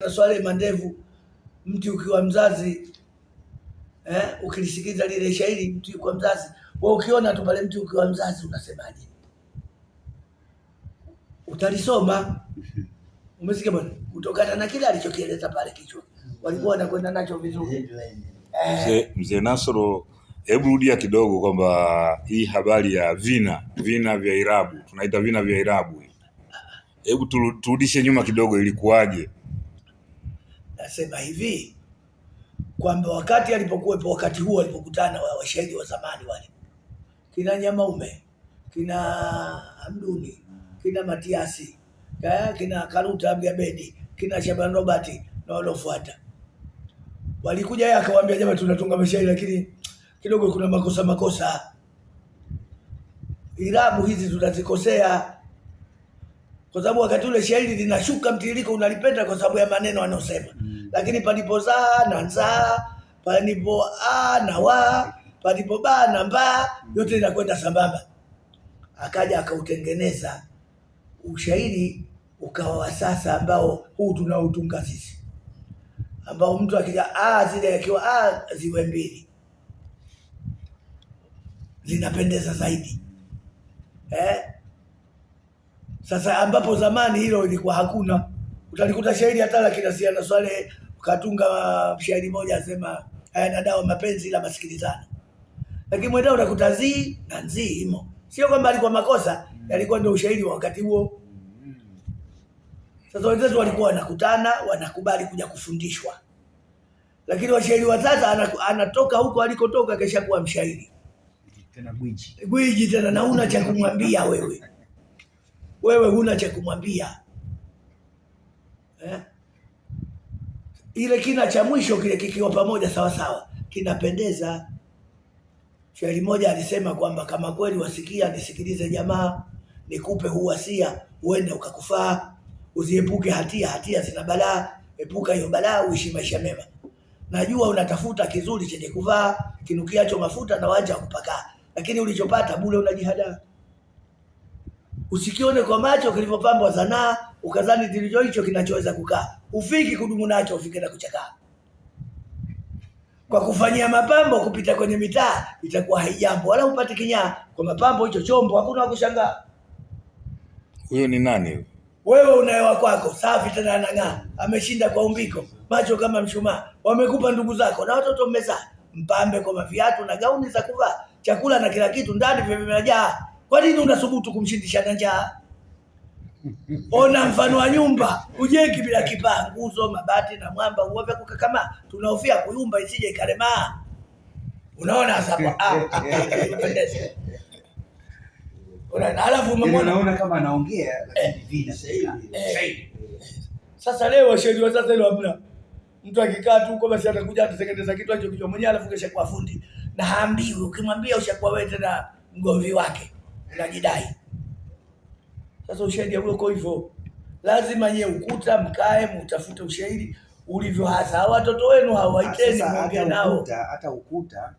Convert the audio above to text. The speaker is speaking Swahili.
Maswali mandevu, mti ukiwa mzazi eh, ukilisikiza lile shairi mti ukiwa mzazi, wewe ukiona tu pale mti ukiwa mzazi unasemaje? Utalisoma. Umesikia bwana? Kutokana na kile alichokieleza pale kichwa, walikuwa wanakwenda nacho vizuri. Eh. Mzee mzee Nasoro, hebu rudia kidogo kwamba hii habari ya vina vina vya irabu tunaita vina vya irabu, hebu turudishe nyuma kidogo, ilikuwaje? anasema hivi kwamba wakati alipokuwepo, wakati huo wa washahidi wa zamani wale kina Nyamaume, kina Hamduni, kina Matiasi, eh, kina Karuta Abgabedi, kina Shaban Robert na waliofuata, walikuja yeye akawaambia, jamaa, tunatunga mashairi lakini kidogo kuna makosa makosa, irabu hizi tunazikosea kwa sababu wakati ule shairi linashuka mtiririko, unalipenda kwa sababu ya maneno anayosema lakini palipo zaa na nzaa, palipo a na wa, palipo ba na mba, yote inakwenda sambamba. Akaja akautengeneza ushairi ukawa wa sasa, ambao huu tunautunga sisi, ambao mtu akija a zile akiwa a ziwe mbili zinapendeza zaidi eh? Sasa ambapo zamani hilo ilikuwa hakuna utalikuta shairi hata la Kinasia na Swale ukatunga shairi moja asema hayana dawa mapenzi ila masikilizana, lakini mwenda unakuta zii na nzii imo. Sio kwamba alikuwa makosa, yalikuwa ndio ushairi wa wakati huo. Sasa wenzetu walikuwa wanakutana wanakubali kuja kufundishwa, lakini washairi wa sasa anatoka huko alikotoka kesha kuwa mshairi tena gwiji, gwiji tena, na una cha kumwambia wewe, wewe huna cha kumwambia eh? Ile kina cha mwisho kile kikiwa pamoja sawa sawa kinapendeza. Shairi moja alisema kwamba kama kweli wasikia, nisikilize jamaa, nikupe huu wasia, uende ukakufaa. Uziepuke hatia, hatia zina balaa, epuka hiyo balaa, uishi maisha mema. Najua unatafuta kizuri chenye kuvaa, kinukiacho mafuta na wanja kupaka, lakini ulichopata bule unajihadaa. Usikione kwa macho kilivyopambwa zanaa ukazani ndicho hicho kinachoweza kukaa, ufiki kudumu nacho, ufike na kuchakaa. Kwa kufanyia mapambo kupita kwenye mitaa itakuwa haijambo, wala upate kinyaa kwa mapambo. Hicho chombo hakuna wakushangaa. Huyo ni nani? Wewe unayewa kwako safi tena anang'aa, ameshinda kwa umbiko, macho kama mshumaa, wamekupa ndugu zako na watoto mmezaa, mpambe kwa maviatu na gauni za kuvaa, chakula na kila kitu ndani vimejaa. Kwa nini unasubutu kumshindisha na njaa? Ona mfano wa nyumba ujengi bila kipaa, nguzo, mabati na mwamba kuka kama tunahofia kuyumba isije ikalemaa. Unaona ah, ah, ah, Unaona alafu yaani unaona kama anaongea lakini eh, eh. sasa leo wa sasa leo hamna. Mtu akikaa tu huko basi atakuja atatengeneza kitu kichwa mwenyewe alafu kesha kwa fundi. Na haambiwi, ukimwambia ushakuwa wewe tena mgomvi wake. Unajidai. Sasa ushahidi hauko uko hivyo, lazima nyie ukuta mkae mtafute ushahidi ulivyo hasa. Watoto wenu hawaiteni muongee nao hata ukuta